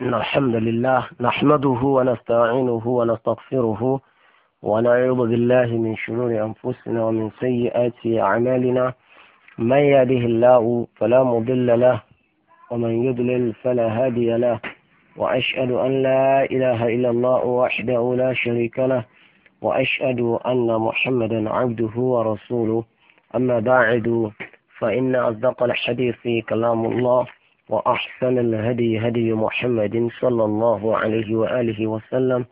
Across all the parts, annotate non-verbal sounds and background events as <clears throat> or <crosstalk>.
إن الحمد لله نحمده ونستعينه ونستغفره ونعوذ بالله من شرور أنفسنا ومن سيئات أعمالنا من يهده الله فلا مضل له ومن يضلل فلا هادي له وأشهد أن لا إله إلا الله وحده لا شريك له وأشهد أن محمدا عبده ورسوله أما بعد فإن أصدق الحديث كلام الله وأحسن الهدي هدي محمد صلى الله عليه وآله وسلم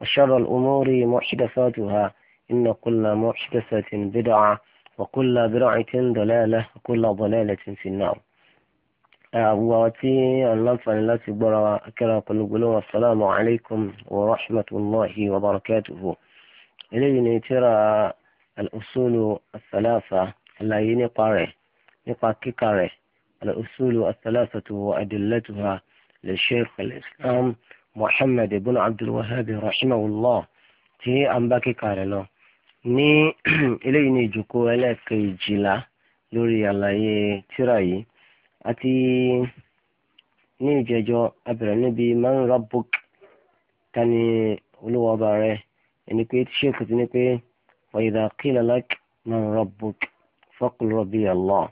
وشر الأمور محدثاتها إن كل محدثة بدعة وكل بدعة ضلالة وكل ضلالة في النار أبو واتي اللنفع التي برا كرا قلوبنا السلام عليكم ورحمة الله وبركاته إليني ترى الأصول الثلاثة لا ينقره نقا الأصول الثلاثة وأدلتها للشيخ الإسلام محمد بن عبد الوهاب رحمه الله في a ń bá kíkà rẹ̀ lọ ní <clears throat> eléyìí ní ìjókòó ẹlẹ́ẹ̀kejìlá lórí àlàyé tírà yìí àti ní ìjẹjọ abẹ̀rẹ̀ níbi man rabbuk tani olúwọba rẹ ẹni pé tí sèkù ti ní pé wa idha qila lak man rabbuk faqul rabbi Allah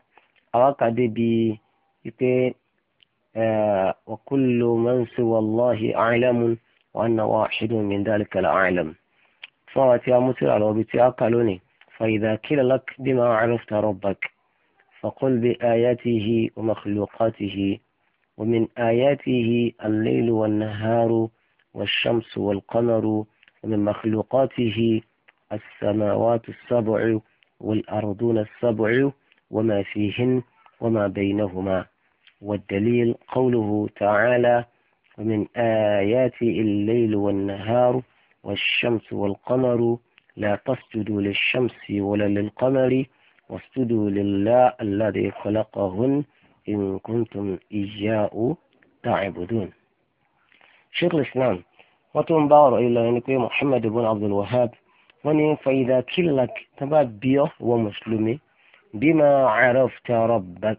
àwọn kàdé bíi. يتي آه، وكل من سوى الله أعلم وأن واحد من ذلك لا أعلم صارت يا مسر على وبتأكلوني فإذا كل لك بما عرفت ربك فقل بآياته ومخلوقاته ومن آياته الليل والنهار والشمس والقمر ومن مخلوقاته السماوات السبع والأرضون السبع وما فيهن وما بينهما والدليل قوله تعالى ومن آيات الليل والنهار والشمس والقمر لا تسجدوا للشمس ولا للقمر واسجدوا لله الذي خلقهن إن كنتم إياه تعبدون شيخ الإسلام وتم بار إلى أنك محمد بن عبد الوهاب وني فإذا كلك تبا بيو ومسلمي bima arafta rabbak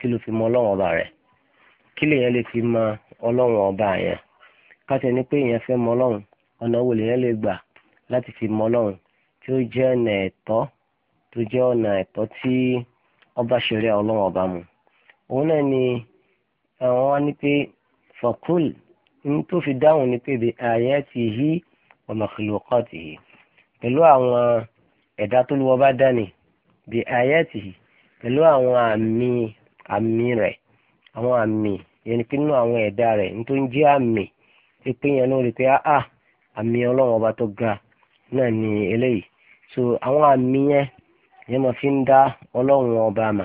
kí ló fi mọ ọlọ́wọ́n ọba rẹ̀ kí lèyàn lè fi mọ ọlọ́wọ́n ọba yẹn káṣẹ́ ni pé èèyàn fẹ́ mọ ọlọ́run ọ̀nà wo lèyàn lè gbà láti fi mọ ọlọ́run tí ó jẹ́ ọ̀nà ẹ̀tọ́ tó jẹ́ ọ̀nà ẹ̀tọ́ tí ọba ṣeré ọlọ́run ọba mu òun náà ni àwọn wá ní pé fakul ní tó fi dáhùn ni pé bi ayatihi wa makhluqatihi pẹ̀lú àwọn ẹ̀dá tó lówó bá dání be ayatihi pẹ̀lú àwọn àmì ami ami àwọn àmì ami pé awọn àwọn rẹ rẹ̀ nítorí jẹ́ àmì pé pé pe a amị ọlọ́run ọba to ga náà ni so awọn ami yẹn yẹn ma fi n da ọlọ́run ọba ma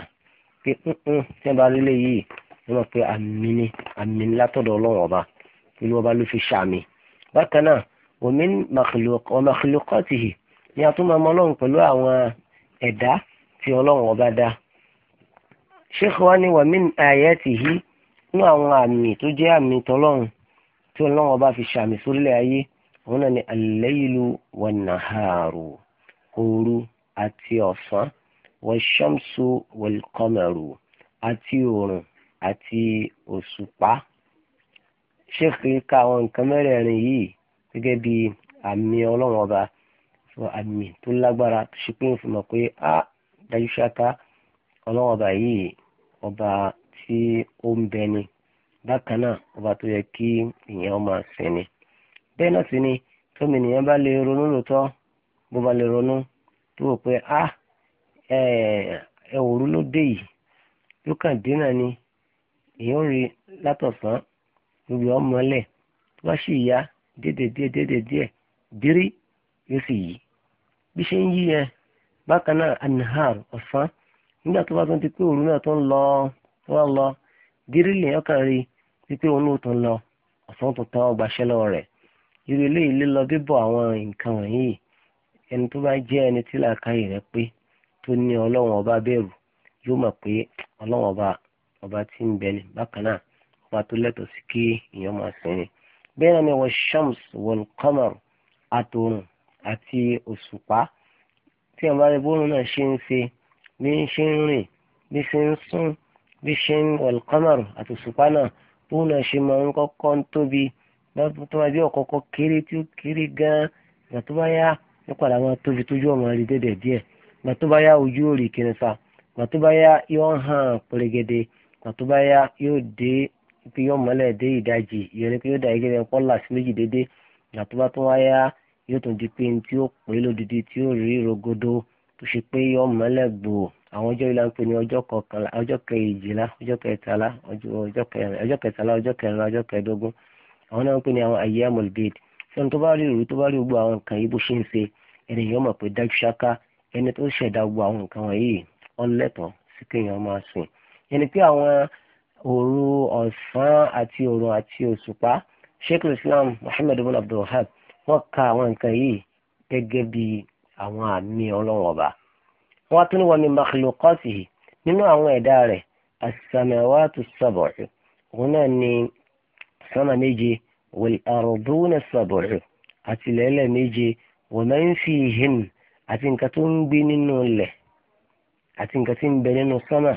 pe nǹkan tí wọ́n bá rí léyìí wọ́n mọ̀ pé ni ami ni ọba ìlú ọba fi ṣàmì bákan náà wa min makhluqatihi ni a tún ẹ̀dá tí ọlọ́run ọba dá. sheikh wa ni wàmí ayatihi nínú àwọn àmì tó jẹ́ àmì tọlọ́run tí ọlọ́run ọba fi ṣàmì sórílẹ̀ ayé òun náà ni al-laylu wan-naharu òru àti ọ̀sán wash-shamsu wal-qamaru àti òòrùn àti òṣùpá sheikh ka àwọn nǹkan mẹ́rẹ̀ẹ̀rin yìí gẹ́gẹ́ bí àmì ọlọ́run ọba so àmì tó lágbára tó ṣe pé òun fi mọ̀ pé a dájú ṣáká ọlọ́wọ́ ọba yìí ọba tí ó ń bẹ ni bákan náà ọba tó yẹ kí èèyàn máa sìn ni bẹ́ẹ̀ náà sì ni tómi ènìyàn bá lè ronú lóòótọ́ bó ba lè ronú tó wò pé a ẹ òru ló dé yìí ló kàn dé náà ni èèyàn rí látọ̀sán lórí ọmọlẹ̀ tó bá sì yá dédé díẹ̀ dédé díẹ̀ dírí yóò sì yìí bí ṣe ń yí ẹ bákan náà anihar ọ̀sán nígbà tó bá tó ń ti pé òru náà tó ń lọ tó ń lọ gírílì ọkàn rí wípé òun náà tó ń lọ ọ̀sán tó tọ́ gbaṣẹ́ lọ́wọ́ rẹ̀ irú eléyìí lílọ bíbọ̀ àwọn nǹkan wọ̀nyí ẹni tó bá jẹ́ ẹni tí làákàyè rẹ̀ pé tó ní ọlọ́run ọba bẹ̀rù yóò mọ̀ pé ọlọ́run ọba ọba ń ni bákan ọba tó sí kí máa ni wọ́n wọ́n àti òṣùpá tí wọn bá rí bóun náà ṣe ń ṣe bí ń ṣe ń rìn bí ṣe ń sún bí ṣe ń wọlkọmọrù àti òṣùpá náà bóun náà ṣe máa ń kọ́kọ́ ń tóbi tó máa bí ọ̀kọ́kọ́ kéré tí ó kéré gan-an ìgbà tó bá yá ó padà máa tóbi tójú ọmọ rí dédé díẹ̀ ìgbà tó bá yá ojú ò rí kiri sa ìgbà tó bá yá yóò hàn pèrègèdè ìgbà tó bá yá yóò dé pé yóò mọ́lẹ̀ dé ìdajì ìyẹn ni pé yóò dà gẹ́gẹ́ bí ọpọlọ àti méjì dédé ìgbà tó bá tó wá yá yóò tún di pé ní tí ó pé lódìdí tí ó rí rogodo tó ṣe pé yọ mọ́lẹ́gbò àwọn ọjọ́ ìlànà pé ní ọjọ́ kọkànlá ọjọ́ kejìlá ọjọ́ kẹtàlá ọjọ́ kẹtàlá ọjọ́ kẹrìnlá ọjọ́ kẹẹ̀dógún àwọn náà ń pè ní àwọn ayyamul bid sẹ́ni tó bá rí ìrú tó bá rí gbogbo àwọn nǹkan yìí bó ṣe ń ṣe ẹni yóò mọ̀ pé dájú ṣáká ẹni tó ṣẹ̀dá gbogbo àwọn nǹkan wọ̀nyí ọlẹ́tọ̀ọ́ sí kéèyàn máa sùn yẹn pé àwọn òru ọ̀sán àti òrùn àti òṣùpá sheikh islam muhammed ibn abdulwahab wọ́n ka àwọn nǹkan yìí gẹ́gẹ́ bí àwọn àmì ọlọ́run ọba wọ́n tún wọ́n ní makhluqatihi nínú àwọn ẹ̀dá rẹ̀ as-samawatu as-sab'u òun náà ní sánmà méje wal arduna as-sab'u méje wa man àti nǹkan tó ń gbé nínú ilẹ̀ àti nǹkan tí ń bẹ nínú sánmà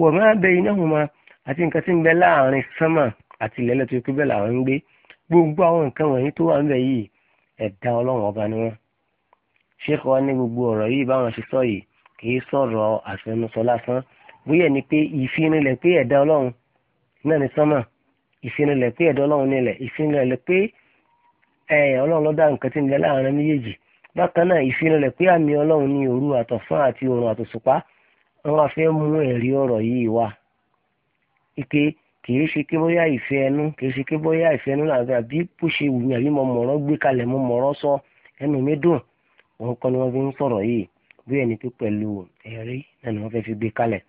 wa ma baynahuma àti nǹkan tí ń bẹ láàrin sánmà àti tó kú bẹ́ẹ̀ làwọn ń gbé gbogbo àwọn nǹkan wọ̀nyí tó wà ń bẹ̀ yìí ẹ̀dá ọlọ́run ọba ni wọ́n ṣéèkì wa ní gbogbo ọ̀rọ̀ yìí báwọn ṣe sọ yìí kì í sọ̀rọ̀ àfẹnusọ lásán bóyá ni pé ìfinilẹ̀ pé ẹ̀dá ọlọ́run náà ni sánmà ìfinilẹ̀ pé ẹ̀dá ọlọ́run nílẹ̀ ìfinilẹ̀ pé ẹ̀ ọlọ́run lọ́dá nǹkan tí ń bẹ láàrin méjèèjì bákan náà ìfinilẹ̀ pé àmì ọlọ́run ní òru àtọ̀sán àti oòrùn àtòṣùpá wọn wá fẹ́ mú ẹ̀rí ọ̀rọ̀ yìí wá ike kì í ṣe pé bóyá ìfẹ́ ẹnu kì í ṣe pé bóyá ìfẹ́ ẹnu làwọn àbí bó ṣe wù mí àbí mo mọ̀rọ̀ gbé kalẹ̀ mo mọ̀rọ̀ sọ ẹnu mi dùn òun kọ́ ni wọ́n fi ń sọ̀rọ̀ yìí bí ẹni pé pẹ̀lú ẹ̀rí náà ni wọ́n fẹ́ fi gbé kalẹ̀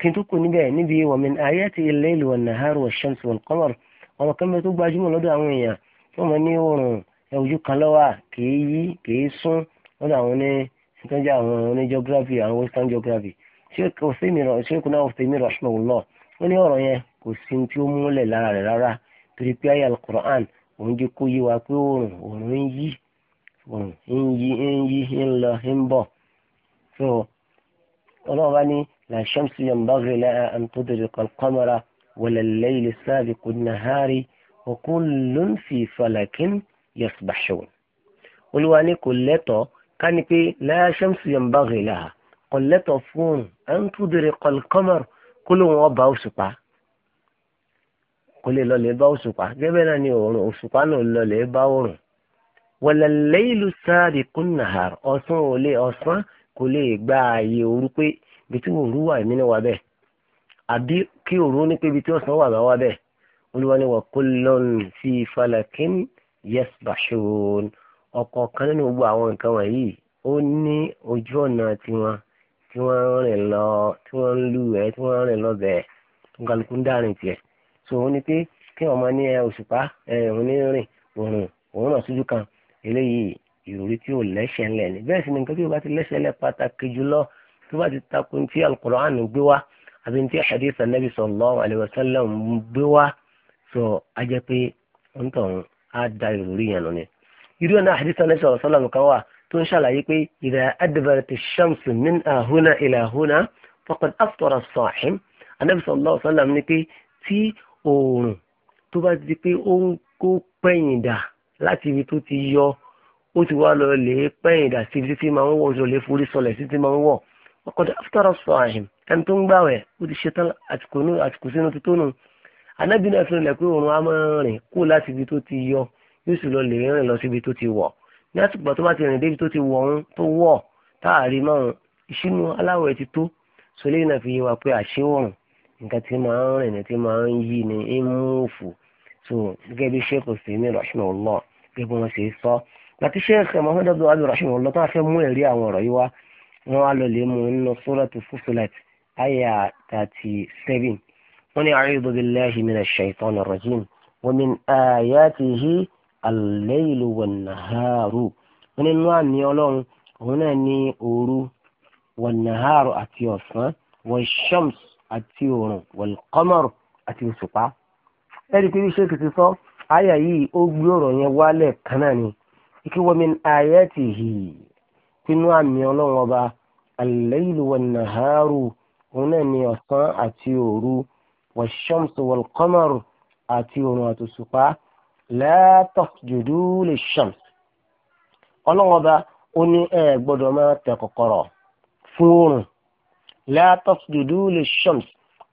kí n tó kù níbẹ̀ níbi wa min ayati al-layli wan-nahari wash-shamsi wal-qamar ọ̀rọ̀ kan bẹ́ẹ̀ tó gbajúmọ̀ lọ́dọ̀ àwọn èèyàn tó mọ̀ ní oòrùn ojú kan lọ́wà kì í yí kì í sún lọ́dọ̀ àwọn ní ìtọ́jú àwọn oní geography àwọn western geography ṣé kò sí mi ṣé kò náà ọ̀sẹ̀ mi rọ̀ ṣùgbọ́n wò lọ ó ní ọ̀rọ̀ yẹn kò sí tí ó múlẹ̀ lára rẹ̀ rárá torí pé àyà alukur'an òun jẹ́ kó yé wa pé oòrùn oòrùn ń yí oòrùn ń yí ń yí ń lọ ń bọ̀ so ọlọ́run bá ní la shamsi yanbaghi laha an tudriqa al-qamara wala al-layli sabiqu an-nahari wa kullun fi falakin yasbahun olúwa ní kò lẹ́tọ̀ọ́ ká ní pé la shamsi yanbaghi laha kò lẹ́tọ̀ọ́ fún an tudriqa al-qamara kó lóun ọba òṣùpá kò lè lọlẹ̀ bá òṣùpá gẹ́gẹ́ náà ni òòrùn òṣùpá náà lọlẹ̀ bá òòrùn. wọ̀lẹ̀ lẹ́yìnlú sáàdì kùnàhàr ọ̀sán ò lè ọ̀sán kò lè gba ààyè òru pé ibi tí òru wà mí náà wà bẹ́ẹ̀ àbí kí òru ní pé ibi tí ọ̀sán wà bá wà bẹ́ẹ̀ olúwa ni wọ́n sí falakin yasbahun ọ̀kọ̀ọ̀kan nínú gbogbo àwọn nǹkan wọ̀nyí ó ní ojú ọ̀nà tiwọn tí wọ́n rìn lọ tí wọ́n ń lù ẹ́ tí wọ́n rìn lọ bẹ́ẹ̀ kálukú ń tiẹ̀ so ó ní pé kí ọmọ ní òṣùpá òun ní rìn òrùn òun náà sójú kan eléyìí ìròrí tí ò lẹ́sẹ̀ ńlẹ̀ ni bẹ́ẹ̀ sì ni nǹkan tí o bá ti lẹ́sẹ̀ ńlẹ̀ pàtàkì jùlọ tó bá ti takò ní ti alukur'an gbé wá àbí ní ti hadith anabi sallallahu alayhi wa sallam gbé wá so a jẹ́ pé ń tàn á da ìròrí yẹn lọ ni. irú ẹ̀ náà hadith anabi sallallahu alayhi wa sallam kan wà tó ń ṣàlàyé pé idha adbarat ash-shams min huna ila huna faqad aftara as-sahim sallallahu alayhi wa sallam ni oòrùn tó bá ti di pé ó ń kó pẹ̀yìn dà láti ibi tó ti yọ ó ti wá lọ lè pẹ̀yìn dà sí ibi tí máa ń wọ̀ ọjọ́ lè forí sọlẹ̀ sí ti máa ń wọ̀ ọkọ̀ after us for ahim ẹni tó ń gbàwẹ̀ ó ti ṣetán àtìkù sínú ti tónu anábì náà fi rìnlẹ̀ pé oòrùn á máa rìn kó láti ibi tó ti yọ yóò sì lọ lè rìn lọ sí ibi tó ti wọ̀ ní àtìgbà tó bá ti rìn débi tó ti wọ̀ ń tó wọ̀ táàrí máa ìṣínú aláwẹ̀ ti tó sọlẹ́yìn náà fi yé wa pé àṣewọ̀n nǹkan tí máa ń rìn ní tí máa ń yí ni ń mú òfò so gẹ́gẹ́ bí sheikh sèmi rahimahullah gẹ́gẹ́ bí wọ́n ṣe sọ láti sheikh muhammed abdul rahimahullah tó wá fẹ́ mú ẹ̀rí àwọn ọ̀rọ̀ yìí wá wọ́n wá lọ lè mú nínú suratu fusilat aya thirty seven wọ́n ní a'udhu billahi minash shaitanir rajim wa min àti òòrùn wal qamar àti òṣùpá ẹ̀rí pé bí ṣéèkì ti sọ àyà yìí ó gbé ọ̀rọ̀ yẹn wálẹ̀ kan náà ni ike wa min ayatihi pinnu àmì ọlọ́run ọba al-laylu òun náà ni ọ̀sán àti òru wash-shamsu àti òòrùn àti òṣùpá la tasjudu lish-shams ọlọ́run ọba ó ní ẹ gbọ́dọ̀ máa tẹ kọ̀kọ̀rọ̀ fún òòrùn la tasjudu lish-shams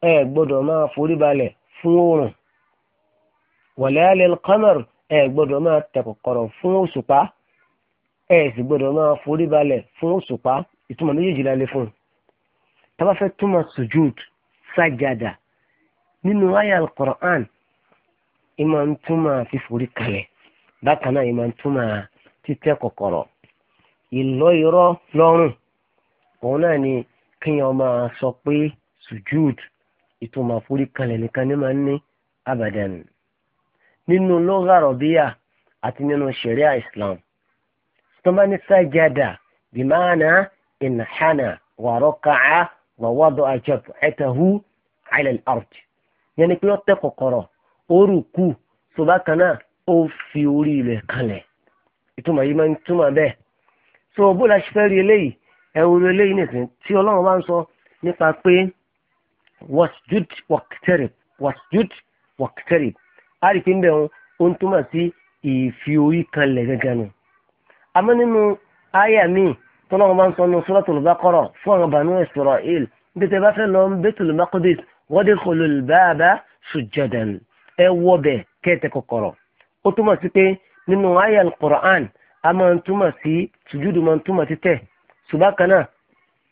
ẹ gbọ́dọ̀ máa forí balẹ̀ fún oòrùn wala lil-qamar ẹ gbọ́dọ̀ máa tẹ̀kọ̀kọ̀rọ̀ fún òṣùpá ẹ sì gbọ́dọ̀ máa forí balẹ̀ fún òṣùpá ìtumọ̀ méjèèjì la lè fún un tá bá fẹ́ túmọ̀ sujud sajada nínú àyà al-Qur'an ìmọ̀ ń túmọ̀ fíforí kalẹ̀ bákan náà ìmọ̀ ń túmọ̀ títẹ́ ìlọ́ irọ́ lọ́rùn òun náà ni kíyàn máa sọ pé sujud ìtumọ̀ forí kalẹ̀ nìkan ní máa ń ní abadan nínú lọ́gà rọ̀bíyà àti nínú sharia islam tó bá ní sájàdà bìmáànà ìnàhánà wàrọ̀kàá wàwádọ̀ àjẹpọ̀ ẹ̀tàhù àìlẹ̀ àrùjì yẹn ni pé ó tẹ́ kọ̀kọ̀rọ̀ ó rù kù tó bá kan náà ó fi orí ilẹ̀ kalẹ̀ ìtumọ̀ yìí máa ń túmọ̀ bẹ́ẹ̀ tó o bó la ṣe fẹ́ rí eléyìí ẹwúrú eléyìí nìsín tí ọlọ́run bá ń sọ nípa pé wasjud waqtarib wasjud waqtarib a rí i pé ń bẹ̀ wọn ó ń túmọ̀ sí ìfi orí kanlẹ̀ gẹ́gẹ́ nù. àmọ́ nínú àyà míì tọ́lọ́run bá ń sọ nínú suratul baqara fún àwọn banu israel bí tẹ bá fẹ́ lọ baitul maqdis wadkhulul baba sujjadan ẹ wọ bẹ̀ kẹ́tẹ̀ kọ̀kọ̀rọ̀ ó túmọ̀ sí pé nínú àyà al-Qur'an a máa ń túmọ̀ sí sùjúdù ń túmọ̀ sí ṣùgbọ́n kan náà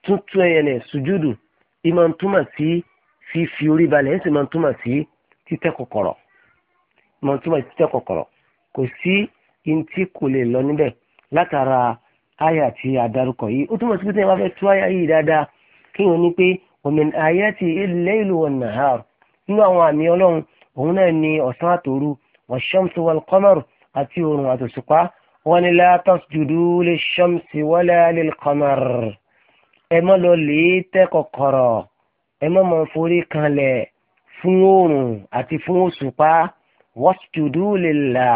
tuntun ẹ̀yẹn ní sùjúdù ìmọ̀ ń túmọ̀ sí fífi orí balẹ̀ ẹ̀ sì máa ń túmọ̀ sí títẹ́ kọ̀kọ̀rọ̀ ìmọ̀ ń túmọ̀ sí títẹ́ kọ̀kọ̀rọ̀ kò sí ntí kò lè lọ níbẹ̀ látara àyà tí a darúkọ yìí ó túmọ̀ sí pé tí wọ́n fẹ́ tú yìí dáadáa kí wọ́n ní pé ọ̀mìn àyà ti ilẹ̀ wọn nàá nínú àwọn àmì ọlọ́run òun náà ni ọ̀sán àtòru wọ̀ṣọ́mṣọ́wọ́l kọ́mọ̀rù àti oòrùn àtòṣùpá wọ́n ní la tasjudu lish-shamsi wala lil-qamar ẹ má lọ lè tẹ́ kọ̀kọ̀rọ̀ ẹ má mọ forí kanlẹ̀ fún oòrùn àti fún òṣùpá wasjudu lillah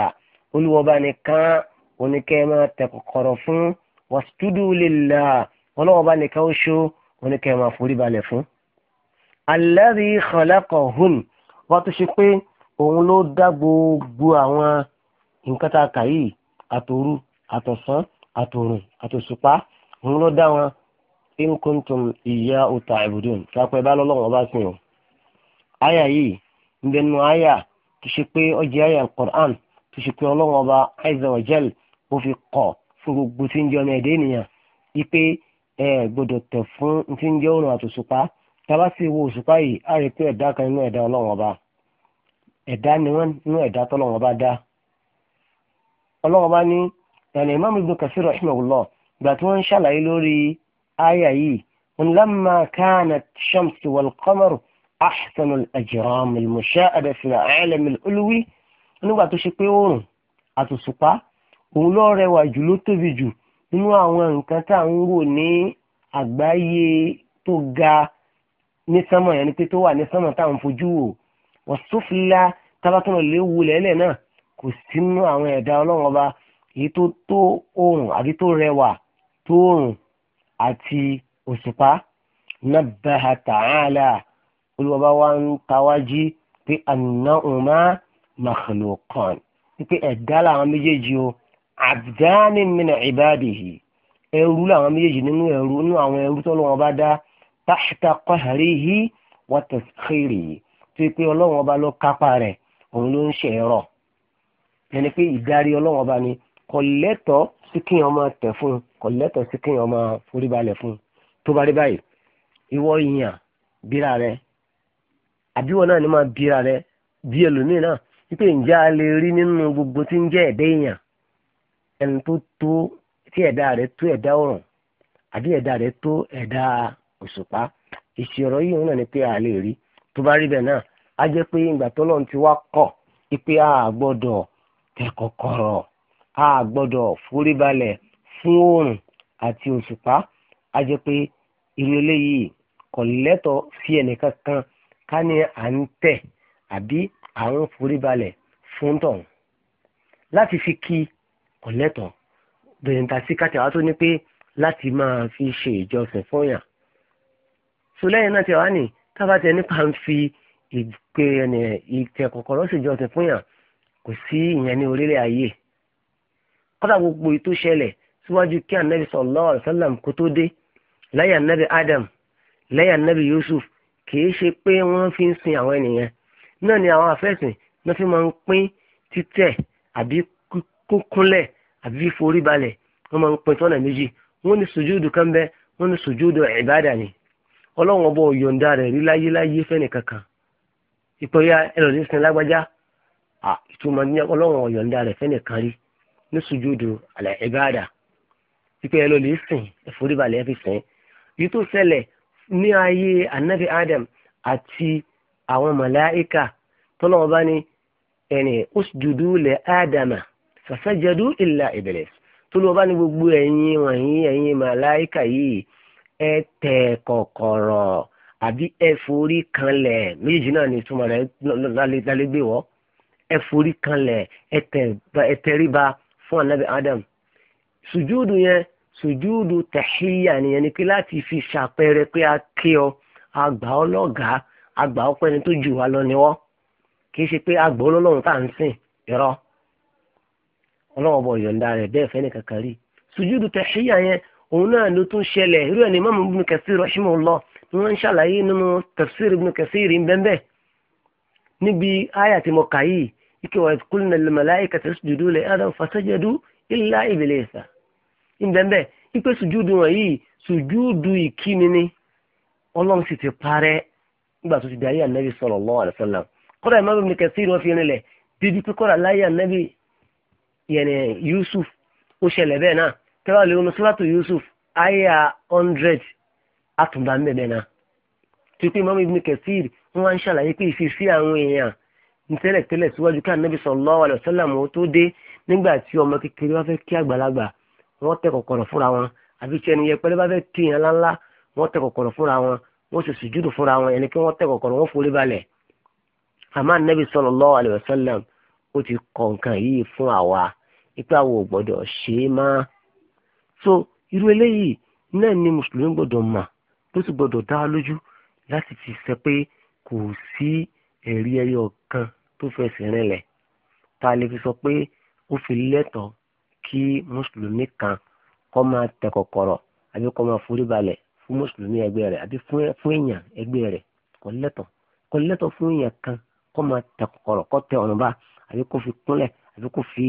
olùwọ́ba nìkan oníkẹ́ máa tẹ́ kọ̀kọ̀rọ̀ fún wasjudu lillah ọlọ́wọ́ba nìkan ó ṣó oníkẹ́ máa forí balẹ̀ fún. alladhi khalaqahun wọ́n tún ṣe pé òun ló dá gbogbo àwọn nǹkan tá a kà yìí àtòru àtọ̀sán àtòrùn àtòṣùpá òun ló dá wọn in kuntum ìyá òta ìbùdùn kápẹ́ bá lọ́lọ́run ọba sìn o. àyà yìí ń bẹnu àyà tó ṣe pé ọjà àyà Qur'an tó ṣe pé ọlọ́run ọba azza wa jal ó fi kọ̀ fún gbogbo tí ń jẹ́ ọmọ ẹ̀dẹ́ ènìyàn wípé ẹ gbọ́dọ̀ tẹ̀ fún tí ń jẹ́ òrùn àtòṣùpá tába sì wo òṣùpá yìí á pé ẹ̀dá kan inú ẹ̀dá ọlọ́run ọba ẹ̀dá ni wọ́n inú ẹ̀dá tọ́lọ́run ọba dá ọlọ́run bá ní yàrá imam ibn kasir rahimahullah gbà tí wọ́n ń ṣàlàyé lórí àyà yìí wọn lamma kanat shamsu wal qamaru ahsanu al-ajram al-musha'ada fi al-alam al-ulwi nígbà tó ṣe pé oòrùn àtòṣùpá òun ló rẹwà jù ló tóbi jù nínú àwọn nǹkan tá à ń wò ní àgbáyé tó ga ní sánmọ̀ yẹn ni pé tó wà ní sánmọ̀ tá fojú wò wọ́n sófìlà tábàtàn lè wulẹ̀ lẹ̀ náà kò sínú àwọn ẹ̀dá ọlọ́run ọba èyí tó tó oòrùn àbí tó rẹwà tó oòrùn àti òṣùpá nabbaha ta'ala olùwọ́ba wa ń tawájí pé annahuma makhluqan wípé ẹ̀dá làwọn méjèèjì o abdani min ibadihi ẹrú làwọn méjèèjì nínú ẹrú nínú àwọn ẹrú tó lọ́wọ́ bá dá tahta qahrihi wa taskhirihi tó yẹ pé ọlọ́wọ́n ọba ló kápá rẹ̀ òun ló ń ṣe ẹ̀rọ ẹni pé ìdarí ọlọ́wọ́n bá ní kò lẹ́tọ̀ọ́ sí kí ọmọ tẹ̀ fún un kò lẹ́tọ̀ọ́ sí kí ọmọ foríbalẹ̀ fún un tó bá rí báyìí ìwọ ìyàn bíra rẹ àbíwọ náà ni máa bíra rẹ bí ẹlòmíì náà wípé ǹjẹ́ a lè rí nínú gbogbo tí ń jẹ́ ẹ̀dá èèyàn ẹni tó tó tí ẹ̀dá rẹ tó ẹ̀dá ọ̀ràn àbí ẹ̀dá rẹ tó ẹ̀dá òṣùpá ìṣòro yìí náà ni pé a lè rí tó bá rí bẹ́ẹ̀ náà a jẹ́ pé ìgbà tó lọ́n ti wá kọ̀ pé a gbọ́dọ̀ tẹ kọ́kọ́rọ́ a gbọ́dọ̀ foríbalẹ̀ fún oòrùn àti òṣùpá a jẹ́ pé irú eléyìí kò lẹ́tọ̀ sí ẹnìkan kan ká ní à ń tẹ̀ àbí à ń foríbalẹ̀ fún tọ̀hún láti fi kí kò lẹ́tọ̀ dòyìntà sí kàtàwá tó ní pé láti máa fi ṣe ìjọsìn fún yàn náà ti wá ní tábàtẹ nípa ń fi ìpè ẹnì ìtẹ̀ kọ̀kọ̀rọ̀ ṣèjọsìn fún kò sí ìyẹn ní orílẹ̀ ayé kọ́dà gbogbo ètò ṣẹlẹ̀ síwájú kí anabi sallallahu alaihi wasallam kó tó dé láyé anabi adam láyé anabi yusuf kìí ṣe pé wọ́n fi ń sin àwọn ènìyàn náà ni àwọn afẹ́sìn náà fi máa ń pín títẹ̀ àbí kúnkúnlẹ̀ àbí fíforí balẹ̀ wọ́n máa ń pín tọ́nà méjì wọ́n ní sùjúdù kan bẹ́ wọ́n ní sùjúdù ìbádà ni ọlọ́run ọba ò rẹ̀ rí láyé láyé fẹ́nìkankan ìpẹ́yà ẹlòmísìn lágbájá à ah, ìtumọ̀ ní ọlọ́run ọ̀yọ̀ǹda rẹ̀ fẹ́nìkan rí ní sùjúdù àlẹ́ ìbáàdà pípẹ́ ẹ ló lè sìn ìforíbalẹ̀ ẹ fi sìn yìí tó ṣẹlẹ̀ ní ayé anabi adam àti àwọn màláìka tọ́lọ́wọ́ bá ní ẹni usjudu lẹ̀ ádámà fasajadu illa iblis tọ́lọ́wọ́ bá ní gbogbo ẹ̀yin wọ̀nyí ẹ̀yin màláìka yìí ẹ tẹ̀ kọ̀kọ̀rọ̀ àbí ẹ forí kanlẹ̀ méjì náà ní ìtumọ̀ lálẹ́ gbé wọ́. ẹ forí kanlẹ̀ ẹ fún anabi adam sùjúdù yẹn sùjúdù tẹ̀híyà nìyẹn ni pé láti fi ṣàpẹẹrẹ pé a kí ọ àgbà àgbà tó jù lọ ni wọ́n kì í ṣe pé àgbà ọlọ́run tá à ń sìn irọ́ ọlọ́wọ́ bọ̀ yọ̀ǹda rẹ̀ bẹ́ẹ̀ fẹ́ni kankan rí sùjúdù tẹ̀híyà yẹn òun náà ló tún ṣẹlẹ̀ irú ẹ̀ ní kẹsí lọ ni wọ́n ń ṣàlàyé nínú tafsir ibùnú kẹsí rí bẹ́ẹ̀ níbi áyà tí mo kà yìí ike wa kulna lil malaikati isjudu li adam fasajadu illa iblisa ìbẹ̀m̀bẹ̀ ipe sùjúdu wọn yìí sùjúdu ìkíni ni ọlọ́run sì ti parẹ́ nígbà tó ti di ayé ànábì sallallahu alaihi wasallam kọ́dà ìmọ̀ràn mi kẹsí ìrọ̀ fi rinlẹ̀ bíbí pé kọ́dà láyé ànábì yẹn Yusuf ó ṣẹlẹ̀ bẹ́ẹ̀ náà tẹ́wà lè ronú suratu Yusuf aya hundred àtúndà ń bẹ̀bẹ̀ náà tó pé ìmọ̀ràn mi kẹsí ìrọ̀ wọn wá ń ṣàlàyé pé ìfisí ntẹ́lẹ̀ tẹ́lẹ̀ síwájú ká nàbí sallallahu alaihi wasallam ó tó dé nígbà tí ọmọ kékeré bá fẹ́ kí àgbàlagbà wọ́n tẹ kọ̀kọ̀rọ̀ fúnra wọn àbí tí ẹni yẹpẹrẹ bá fẹ́ kí èèyàn ńláńlá wọ́n tẹ kọ̀kọ̀rọ̀ fúnra wọn wọ́n sì sùjúdù fúnra wọn ẹni kí wọ́n tẹ kọ̀kọ̀rọ̀ wọ́n forí balẹ̀ àmọ́ nàbí sallallahu alaihi wasallam ó ti kọ nǹkan yìí fún àwa ipa so irú eléyìí náà ni mùsùlùmí gbọ́dọ̀ mà tó sì gbọ́dọ̀ dá lójú láti fi kò sí ẹ̀rí ẹyọ kan tó fẹsẹ̀ rinlẹ̀ tá a lè fi sọ pé ó fi lẹ́tọ̀ọ́ kí mùsùlùmí kan kó máa tẹ̀ kọ̀kọ̀rọ̀ àbí kó máa forí balẹ̀ fún mùsùlùmí ẹgbẹ́ rẹ̀ àbí fún èèyàn ẹgbẹ́ rẹ̀ kò lẹ́tọ̀ọ́ kò lẹ́tọ̀ọ́ fún èèyàn kan kó máa tẹ̀ kọ̀kọ̀rọ̀ kó tẹ ọ̀nà bá àbí kó fi kúnlẹ̀ àbí kó fi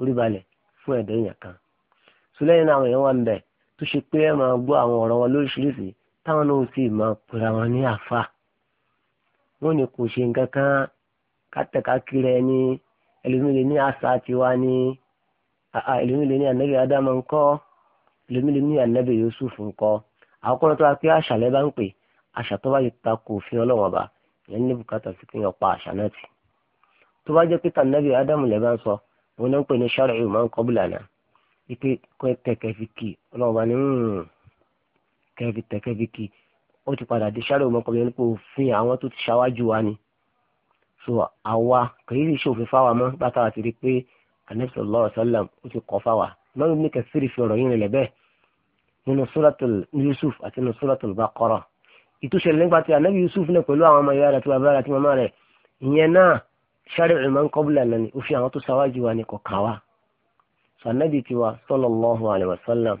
orí balẹ̀ fún ẹ̀dọ́ èèyàn kan. sùlẹ́yìn àwọn èèyàn wà ń bẹ̀ tó ṣe pé ẹ máa gbọ́ àwọn ọ̀rọ̀ wọn lóríṣiríṣi táwọn náà sì máa pera wọn ní àfa. wọ́n ní kò ṣe nǹkan kan kátẹ̀ká kiri ẹni ẹlòmílẹ̀ ní àṣà tiwa ni ẹlòmílẹ̀ ní ànábì ádámù ńkọ́ ẹlòmílẹ̀ ní ànábì yusuf ńkọ́ àkọ́kọ́ tó wá pé àṣà lẹ́ bá ń pè àṣà tó bá yẹ ta kò òfin ọlọ́wọ́n ọba ìyẹn ní bùkátà sí kí n ọ̀pá àṣà náà tì tó bá jẹ́ pé tànábì ádámù lẹ́ bá ń sọ wọn náà ń pè ní shar'u man qablana ipe kọ́ tẹ̀kẹ́ fi kì ọlọ́wọ́n ọba ní so àwa kìí rí sófin fáwa mọ́ bàtà àti rí pé anabi sallallahu alaihi wasallam ó ti kọ́ fáwa lọ́nà ní kẹsìrì fi ọ̀rọ̀ yín rìn lẹ́bẹ̀ nínú suratul yusuf àti nínú suratul baqara ìtúsẹ̀lẹ̀ nígbà tí anabi yusuf náà pẹ̀lú àwọn ọmọ ìyá rẹ̀ àti bàbá rẹ̀ àti màmá rẹ̀ ìyẹn náà shar'u man qablana ni òfin àwọn tó ṣáwájú wa ni kò kà wá so anabi tiwa sallallahu alaihi wasallam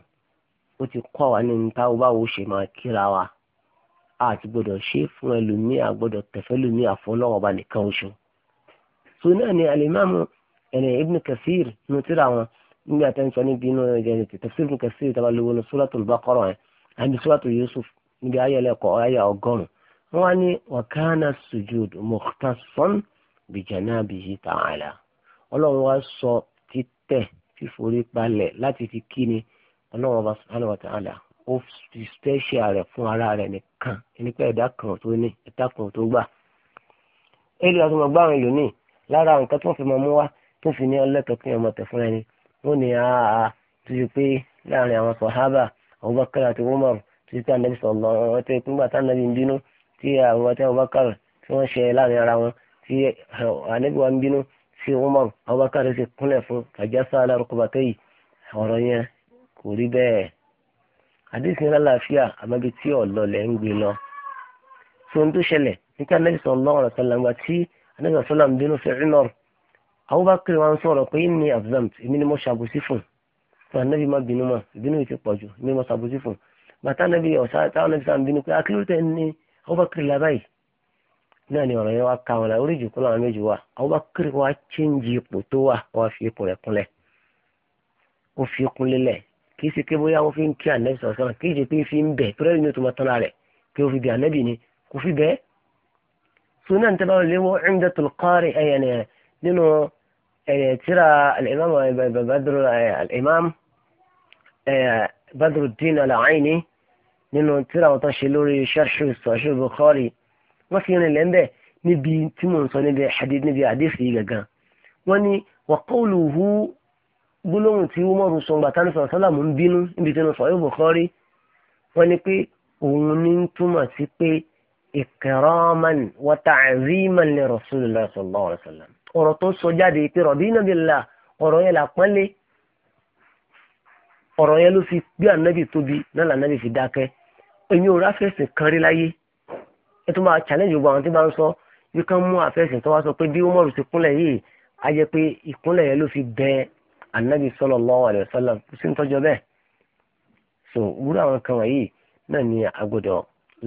ó ti kọ́ wa ní ní táwọn báwo ṣe máa kíra wa àti gbọ́dọ̀ ṣe fún ẹlòmíì àgbọ́dọ̀ tẹ̀fẹ́ lómi àfọlọ́wọ́ ọba nìkan oṣù. so náà ni alimami ẹni ibn kasir nu tíra wọn níbi àtẹnusọ níbi inú ẹni tafsir ibn kasir tàbá lówó ní suratul baqara ẹ àbí suratul yusuf níbi ayẹlẹkọ ayà ọgọ́rùn wọn wá ní wakana sujud mukhtassan bijanabihi ta'ala ọlọ́run wá sọ títẹ̀ fíforí balẹ̀ láti fi kíni ọlọ́run wa ta'ala ó fi special rẹ̀ fún ara rẹ̀ nìkan nípa ẹ̀dá kan tó ní ẹ̀dá kan tó gbà. èlò àti ọmọ gbàrún ìlú ní lára nǹkan tó ń fi máa mú wá tó fi ní ọlẹ́tọ̀ọ́ kí ọmọ tẹ̀ fún ẹni wọ́n ní àá tó yẹ pé láàrin àwọn sọ̀hábà Abubakar àti Umar tó yẹ pé anabi sọ̀lọ́ wọn tẹ́ pé nígbà táwọn ń bínú tí àwọn tí Abubakar tí wọ́n ṣe láàrin ara wọn tí anabi wa ń bínú tí Umar Abubakar ti kúnlẹ̀ fún kàjá sáà lárúkọ bàtẹ́yì ọ̀rọ̀ yẹn kò rí bẹ́ẹ̀ àdéhùn ìlà làáfíà àmọ́bi tí ọ̀lọ́ lẹ̀ ń gbé lọ. tó ń tó ṣẹlẹ̀ nípa anábì sallallahu alaihi wasallam tí anábì sallallahu alaihi wasallam bínú sí Umar Abubakar wa ń sọ̀rọ̀ pé ní abzamt èmi ni mo ṣàbòsí fún fún anábì má bínú mọ́ ìbínú yìí ti pọ̀ jù èmi mo ṣàbòsí fún bàtà anábì ọ̀sá táwọn anábì sàn bínú pé akérètẹ̀ ní Abubakar kì í ṣe pé bóyá wọ́n fi ń kí ànẹ́bí sọ̀rọ̀ sọ̀rọ̀ kì í ṣe pé fi ń bẹ̀ torí ẹni tó máa tán rẹ̀ kí o fi bẹ̀ ànẹ́bí ni kò fi bẹ́ẹ̀. sunan tẹ́ bá wọ́n léwọ́ Umdatul Qari ẹ̀yẹn nínú tíra al-imam al-imam Badruddin al-Aini nínú tíra wọn tó ṣe lórí sharh Sahih Bukhari wọ́n fi rìn lẹ́ńbẹ̀ níbi tí mò ń sọ níbi àdéhùn yìí gangan wọ́n ní wa qawluhu gbólóhùn tí umaru sọ gbàtà ní sàlámù ń bínú níbi tí wọn sọ yóò Bukhari wọn ni pé òun ní ń túmọ̀ sí pé ikraman wa ta'ziman li Rasulillah sallallahu alaihi ọ̀rọ̀ tó sọ jáde pé radina billah ọ̀rọ̀ yẹn là ọ̀rọ̀ yẹn ló fi gbé ànábì tóbi náà lànábì fi dákẹ́ èmi ò ráfẹ́sìn kan rí láyé ẹ tó máa challenge gbogbo àwọn tí bá ń sọ bí kan mú àfẹ́sìn tó wá sọ pé bí umaru ti kúnlẹ̀ yìí a jẹ́ pé ìkúnlẹ̀ yẹn ló fi bẹ́ẹ̀ anabi sallallahu alaihi wasallam kò sí ń tọ́jọ́ bẹ́ẹ̀ so wúrọ̀ àwọn kan wọ̀nyí náà ni agbọ́dọ̀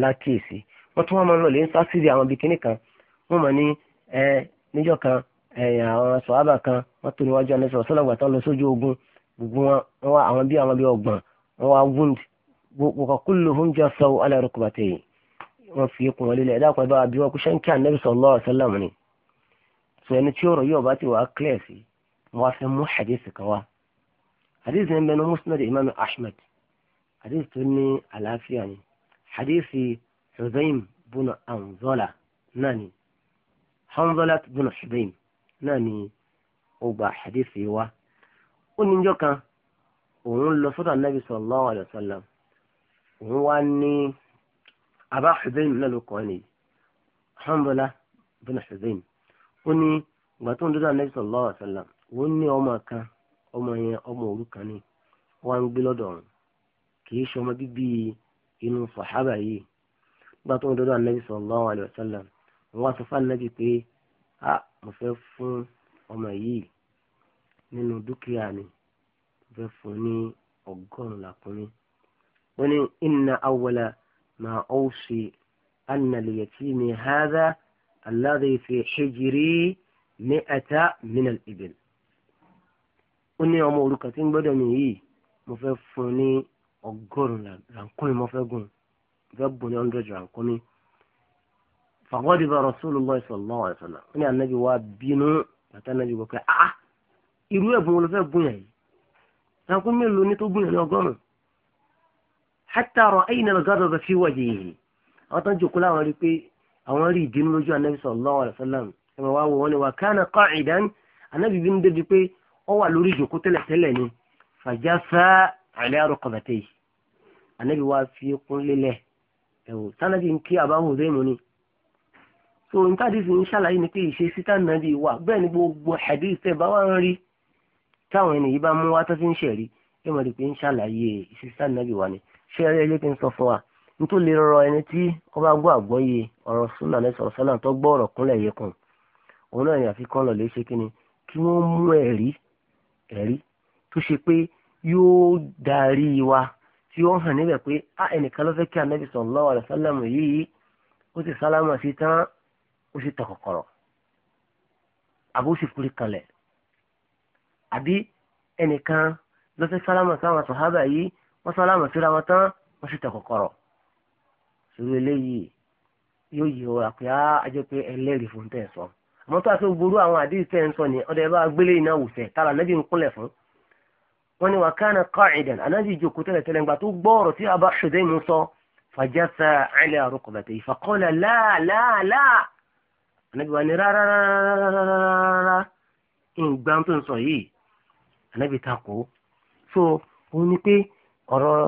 lákìsí wọ́n tún wọ́n máa ń lọ lè ń sá síbi àwọn ibi kíní kan wọ́n máa ní ẹ níjọ́ kan àwọn sọ̀hábà kan wọ́n tó níwájú àná sọ̀rọ̀ sọ́lọ́gbà tán lọ sójú ogun gbogbo wọn wá àwọn bí àwọn bí ọgbọ̀n wọn wá wound gbogbo kúlò oúnjẹ sọ alárùkùbàtẹ̀ yìí wọ́n fi ikùn wọn lélẹ̀ ẹ̀dá kan bá wa bí wọn kú sẹ́ńkì ànábì sallallahu alaihi wasallam ni wọ́n fẹ́ mú hadith kan wá hadith yẹn bẹnu musnad imam ahmed hadith tó ní àlàáfíà ni hadith huzaim bunu anzola náà ni hanzola bunu huzaim náà ni ó gba hadith yìí wá ó ní njọ́ kan òun lọ sọ́dọ̀ anabi sallallahu alayhi wa sallam òun wá ní abá huzaim náà ló kọ́ ni hanzola bunu huzaim ó ní ìgbà dúdú anabi sallallahu alayhi wa sallam wọ́n ní ọmọ kan ọmọ yẹn ọmọ òrukàn ni wọ́n ń gbé lọ́dọ̀ ọ̀hún kì í ṣe ọmọ bíbí inú sàhábà yìí nígbà tó ń dọ́dọ̀ ànábì sallallahu alaihi wasallam wọ́n wá sọ fún ànábì pé a mo fẹ́ fún ọmọ yìí nínú dúkìá mi mo fẹ́ fún ní ọgọ́rùn-ún làkúnrin wọ́n ní inna awwala ma awsi anna liyatimi hadha alladhi fi hijri mi'ata min al-ibil ó ní ọmọ òrukàn tí ń gbọ́dọ̀ mi yìí mo fẹ́ fún un ní ọgọ́rùn-ún rànkúnmí mo fẹ́ gùn mo fẹ́ bùn ní hundred rànkúnmí. fàkọ́dì bá rasulullah sallallahu alaihi wasallam ó ní anabi wa bínú bàtà anabi wọ pé ah irú ẹ̀bùn wo ló fẹ́ gùn yẹn yìí rànkúnmí ló ní tó gùn yẹn ní ọgọ́rùn-ún. hatta ra'ayna al-ghadaba fi wajhihi àwọn tó ń jòkó láwọn rí pé àwọn rí ìdínú ó wà lórí ìjòkó tẹ́lẹ̀tẹ́lẹ̀ ni fàjásá àlẹ́ àrọ́kọ̀bàtẹ́ yìí ànábì wa fi kún lélẹ̀ ẹ̀wò tánàbì ń kí àbáwọn òde mu ni. so n táàdì sì ń ṣàlàyé ni pé ìṣesí tánàbì wà bẹ́ẹ̀ ni gbogbo hadith ẹ̀ bá wà ń rí táwọn ẹni yìí bá mú wá tó fi ń ṣẹ̀rí ẹ̀ mọ̀ ní pé ń ṣàlàyé ìṣesí tánàbì wà ni ṣé ẹ̀rí ẹ̀yẹ́ kí n sọ fún wa n tó lè rọrọ ẹni tí wọ́n bá gbọ́ àgbọ́yé ọ̀rọ̀ súnà lẹ́sọ̀rọ̀ sálà tó gbọ́ ọ̀rọ̀ kúnlẹ̀ yẹ kùn òun náà ni àfikún lọ lè ṣe kí ni kí wọ́n mú ẹ̀rí ẹ̀rí tó ṣe pé yóò darí wa tí ó hàn níbẹ̀ pé a ẹnìkan ló fẹ́ kí anabi sallallahu alaihi wasallam yìí ó sì sálámà sí tán ó sì tọkọkọrọ àbó sì forí kalẹ̀ àbí ẹnìkan ló fẹ́ sálámà sáwọn sọ̀hábà yìí wọ́n sálámà síra wọn tán wọ́n sì tọkọkọrọ sórí eléyìí yóò yí ọ àpè á jẹ́ pé ẹlẹ́rìí fún tẹ̀ sọ́n àmọ́ tó a tó gbòòrò àwọn àdéhùn tẹ́ ń sọ ni ọ̀dọ̀ ẹ bá gbélé iná wùsẹ̀ tààrà nẹ́bí ń kúnlẹ̀ fún. wọ́n ní wà kánà qa'idan anájì ìjòkó tẹ́lẹ̀ tẹ́lẹ̀ ńgbà tó gbọ́ ọ̀rọ̀ tí Abu Shudaym sọ fajassa ala rukbatihi faqala la la la anábì wa ni rárárárárárá ìgbà tó ń sọ yìí anábì takò so òun ni pé ọ̀rọ̀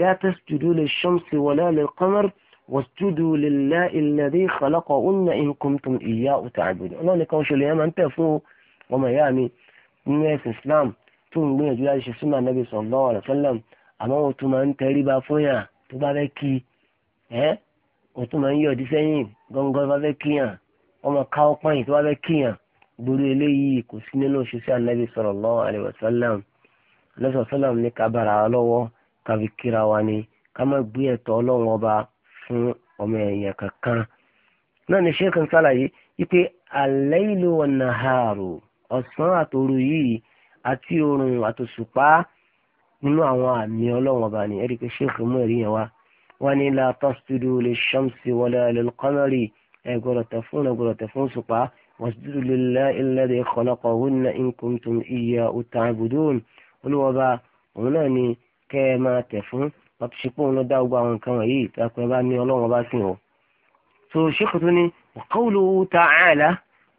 la tasjudu lish-shamsi wala lil-qamar wasjudu lillahi alladhi khalaqahunna in kuntum iyyahu ta'budun ọlọ́run nìkan ṣe lè yẹn máa ń tẹ̀ fún ọmọ ìyá mi nínú ẹ̀sìn islam tó ń gbìyànjú láti ṣe súnà nàbì sallallahu alaihi wasallam àmọ́ wọn tún máa ń tẹríba fún yàn tó bá fẹ́ kí ẹ́ wọn tún máa ń yọ̀dí sẹ́yìn gọ́ngọ́ bá fẹ́ kí yàn wọn máa ká tó bá fẹ́ kí yàn gbòòrò eléyìí kò sí nínú ṣiṣẹ́ ànábì sallallahu alaihi wasallam lọ́sọ̀ ní ká bára wa lọ́wọ́ ká fi kíra wa ni ká má gbé ẹ̀tọ́ ọlọ́run ọba fún ọmọ èèyàn kankan náà ni sheikh ń ṣàlàyé wípé al-laylu wan-naharu ọ̀sán àtòru yìí àti oòrùn àtòṣùpá nínú àwọn àmì ọlọ́run ọba ni ẹ̀rí pé sheikh mú ẹ̀rí yẹn wá wọn ní la tasjudu lish-shamsi wala lil-qamari ẹ gbọ́dọ̀ tẹ̀ fún ẹ gbọ́dọ̀ tẹ̀ fún ṣùpá wasjudu lillahi alladhi khalaqahunna in kuntum iyyahu ta'budun olúwọba òun náà ni kẹ́ ẹ máa tẹ̀ fún wọ́n ti ṣe pé òun ló dá gbogbo àwọn nǹkan wọ̀nyí ìtàkùn ẹ bá ní ọlọ́run bá sìn ọ́. so ṣéèkù tó ní ta àlà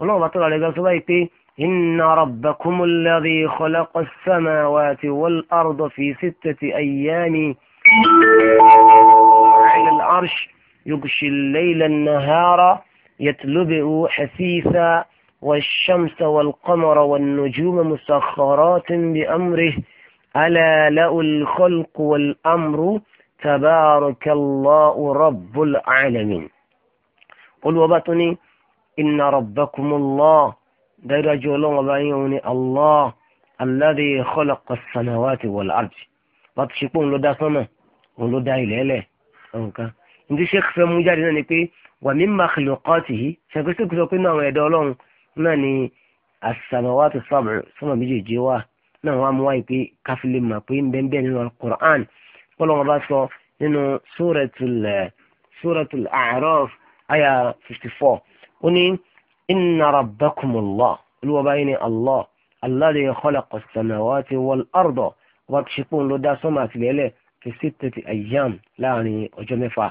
ọlọ́run bá tọ́lá rẹ̀ gan báyìí pé inna rabbakumu alladhi khalaqa as-samawati wal-arda fi sittati ti ala al-arsh yughshi al-layla an-nahara يتلبئ حثيثا والشمس والقمر والنجوم مسخرات بأمره ألا له الخلق والأمر تبارك الله رب العالمين قل وبطني إن ربكم الله درج وبعيون الله الذي خلق السماوات والأرض بطشكم لدى سما ولدى إليه أوكا ndí sheikh fẹ́ mú jáde náà ni pé wà mí makhluqatihi ṣàkóso kìsọ pé náà àwọn ọlọ́run náà ni as-samawati sab'u sọ́mà méjèèjì wà náà wọ́n á mú wáyé pé káfílẹ̀ mà pé bẹ́ẹ̀ nínú alukur'an kọ́lọ́ wọn bá sọ nínú suratul eh, suratul a'raf aya fifty four ó ní inna rabbakumullah olúwọ́ba yìí ni allah alladhi khalaqa as-samawati wal arda ọba tó ṣe pé òun ló dá sọ́mà àtìlẹ́lẹ̀ fi sittati ayyam láàrin ọjọ́ mẹ́fà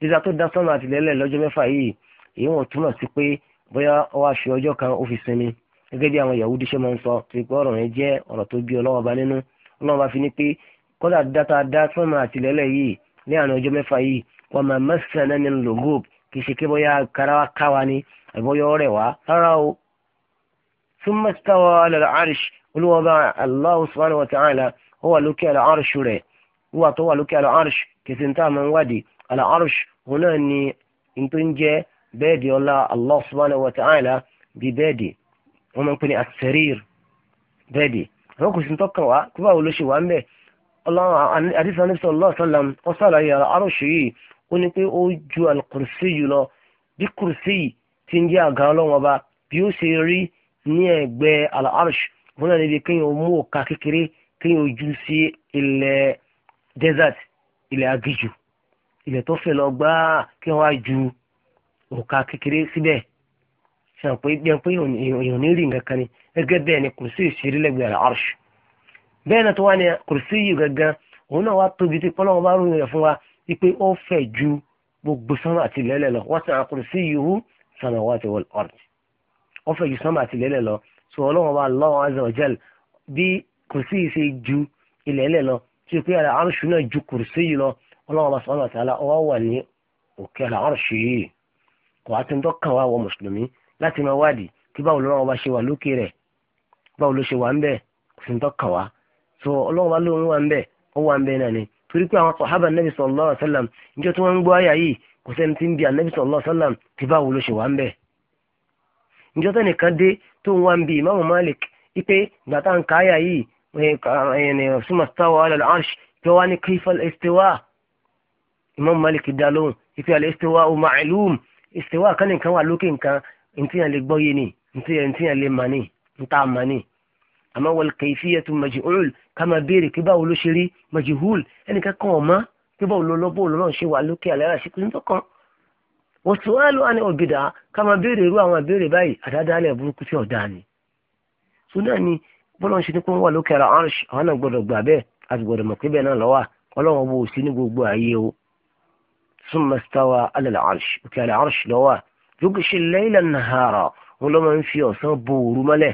dídá tó dá sọ́mà àtìlẹ́lẹ̀ lọ́jọ́ mẹ́fà yìí èyí wọ́n túmọ̀ sí pé bóyá ó wá ọjọ́ kan ó fi sinmi gẹ́gẹ́ bí àwọn Yahudi ṣe máa ń sọ ti pé ọ̀rọ̀ yẹn jẹ́ ọ̀rọ̀ tó bí ọlọ́wọ́ bá nínú ọlọ́wọ́ bá fi ní pé kọ́dà dáta dá sọ́mà àtìlẹ́lẹ̀ yìí ní àná ọjọ́ mẹ́fà yìí wọ́n máa mẹ́sàn-án náà ní lògóòb kì í ṣe pé bóyá karawa káwa ni àbọ̀yọ rẹ̀ wá rárá o. thumma stawa ala al-arsh olúwa bá Allahu subhanahu wa ta'ala ó wà lókè ala arsh rẹ̀ wíwà tó wà lókè ala arsh kìsì ń tà máa ń wádìí ala arsh òun náà ni n tó ń jẹ́ bẹ́ẹ̀dì ọlá Allah subhanahu wa ta'ala bíi bẹ́ẹ̀dì wọ́n máa ń pè ní àtẹ̀rír bẹ́ẹ̀dì àwọn kò sí tọ́kàn wá tí báwo ló ṣe wà ń bẹ̀ ọlọ́run àdìsá níbi sọ lọ́ọ̀ sọ́lá ọ sàlàyé àròṣe yìí ó ní pé ó ju alukùrùsí yìí lọ bí kùrùsí yìí ti ń jẹ́ àga ọlọ́run ọba bí ó ṣe rí ní ẹ̀gbẹ́ alárùsù fúnra níbi kéèyàn mú òka kékeré kéèyàn ojú sí ilẹ̀ desert ilẹ̀ agijù ilẹ̀ tó fẹ̀ lọ gbáà kéèyàn wá ju òka kékeré síbẹ̀ ṣe pé bí ẹn pé èèyàn ní rí nǹkan kan ni gẹ́gẹ́ bẹ́ẹ̀ ni kùrùsí ìṣeré lẹ́gbẹ̀ẹ́ rẹ̀ arṣ bẹ́ẹ̀ náà tó wá ní kùrùsí yìí gangan òun náà wá tóbi tí pọ́lọ́wọ́ bá ròyìn rẹ̀ fún wa wípé ó fẹ̀ ju gbogbo sánmà àti lẹ́lẹ̀ lọ wọ́n sàn kùrùsí yìí hù sàmà wá ti wọ́n ọ̀rẹ́ ju sánmà àti lẹ́lẹ̀ lọ sọ ọlọ́wọ́ bá lọ́wọ́ azza wa jal bí kùrùsí yìí ju ilẹ̀lẹ̀ lọ tí ó pé àrẹ arṣ ju kùrùsí yìí lọ ọlọ́wọ́ bá sọ̀rọ̀ àtàlà ọwọ́ wà ní òkè àrẹ arṣ yìí kò wá ti ń dọ́kàn láti máa wádìí kí báwo lọ́wọ́ bá ṣe wà lókè rẹ̀ báwo ló ṣe wà ń bẹ̀ kò sì ń tọ́ wá so ọlọ́wọ́ bá lóun wà ń bẹ̀ ó wà ń bẹ̀ náà ni torí pé àwọn sàhábà nàbì sallallahu alaihi wasallam níjọ́ tí wọ́n ń gbọ́ àyà yìí kò sẹ́ni tí ń bi ànàbì sallallahu alaihi wasallam kí báwo ló ṣe wà ń bẹ̀ níjọ́ tẹ́nì kan dé tó ń wá ń bi ìmáàmù Malik ipe gbàtà ń ka àyà yìí summa stawa ala al pé wá ní kayfa al ìmáàmù Malik dá lóhùn ipe al-istiwa ma'lum istiwa kan nìkan wà lókè nǹkan ntíyàn lè gbọ́yé ni ntíyàn lè mà ni ntá mà ni àmọ́ wal kayfiyatu majhul ká máa béèrè kí báwo ló ṣe rí majhul ẹnìkan kan ọ̀ mọ́ kí báwo ló lọ́ bóòlù náà ṣe wà lókè àlẹ́ àṣẹ kò ní tó kàn. wọ́tí wọ́n á lọ àní ọ̀gẹ̀dà ká máa béèrè irú àwọn àbéèrè báyìí àdáadáalẹ̀ burúkú tí ọ̀dà ni. so náà ni bọ́lá ń ṣe ní kó wà lókè ara arsh àwọn náà gbọ́dọ̀ gbà bẹ́ẹ̀ àti gbọ́dọ̀ mọ̀ pé bẹ́ẹ̀ náà lọ́wà ọlọ́wọ́n bó o sí gbogbo ayé o. summa stawa ala al arsh òkè àlẹ́ arsh lọ́wà yókùsì lẹ́yìnlá nàhàrà wọn lọ́ máa ń fi ọ̀sán bo òru mọ́lẹ̀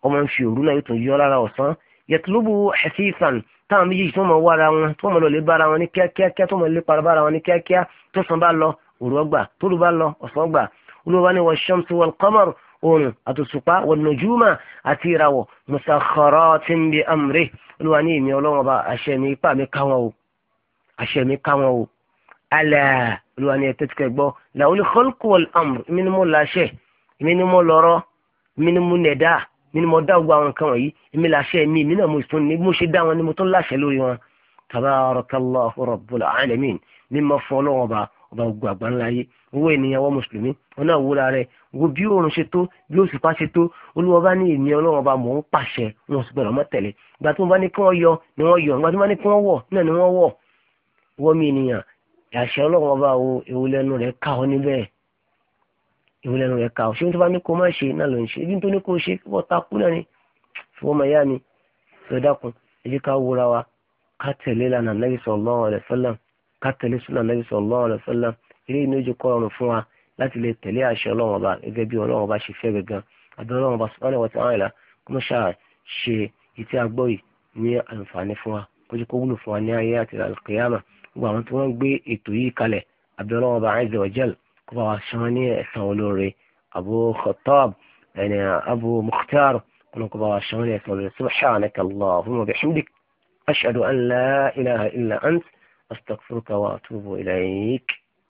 wọ́n máa ń fi òru náà yóò tún yọ lára ọ̀sán yẹtùlúbù ẹ̀sìfàn táwọn méjèèjì tó máa wá ara wọn tó máa lọ lé bára wọn ní kíákíá tó máa lé para bára wọn ní kíákíá tó sàn bá lọ òru ọgbà tó lù bá lọ ọ̀sán gbà olùwà ni wọ́n ṣọ́mùsí wal qamar oòrùn àtòṣùpá wan nujuma àti ìràwọ̀ musakharatin bi amri olùwà ní ìmì ọlọ́wọ́n bá àṣẹ mi ká wọn o àṣẹ mi ká wọn o alẹ́ olúwa ni ẹ̀tẹ́ tìkẹ́ gbọ́ làwọn khalqu wal amr èmi ni mo láṣẹ èmi ni mo lọ́rọ̀ èmi ni mo nẹ̀dá èmi ni mo dá gbogbo àwọn nǹkan wọ̀nyí èmi láṣẹ mi èmi náà mo tún ní mo ṣe dá wọn ni mo tún láṣẹ lórí wọn tabarakallahu rabbul alamin ní ma fún ọlọ́wọ́n ọba ọba gbogbo àgbáńlá yé owó ènìyàn wọ́n mùsùlùmí wọn náà wúra rẹ̀ wo bí oòrùn ṣe tó bí òṣùpá ṣe tó olúwa bá ní èmi ọlọ́wọ́n ọba mò ń pàṣẹ wọn sì gbọdọ̀ mọ́ tẹ̀lé ìgbà tí wọ́n bá ní kí wọ́n yọ ni wọ́n yọ ìgbà tí wọ́n bá ní kí wọ́n wọ̀ náà ni wọ́n wọ̀ wọ́n mi ènìyàn àṣẹ ọlọ́run ọba wo ìwúlẹ́nu rẹ̀ ká ọ níbẹ̀ ìwúlẹ́nu rẹ̀ ká ọ ṣé tó bá ní kó má ṣe náà ló ń ṣe ibi tó ní kó ṣe kí wọ́n takú náà ni fún ọmọ ìyá mi tó dákun ẹ jẹ́ ká wúra wa ká tẹ̀lé lánàá nàbì sallallahu alaihi wasallam ká tẹ̀lé súnà nàbì sallallahu alaihi wasallam eré inú ojú kọ́ ọrùn fún wa láti lè tẹ̀lé àṣẹ ọlọ́run ọba gẹ́gẹ́ bí ọlọ́run ọba ṣe fẹ́ gangan gbogbo àwọn tí wọ́n gbé ètò yìí kalẹ̀ abiola ọba Azza wa kó bá wa san ní ẹ̀san olóore abu khatab ẹni abu mukhtar kó bá wa san ní ẹ̀san olóore subhanaka allahumma bihamdik ashhadu an la ilaha illa ant astaghfiruka wa atubu ilayk.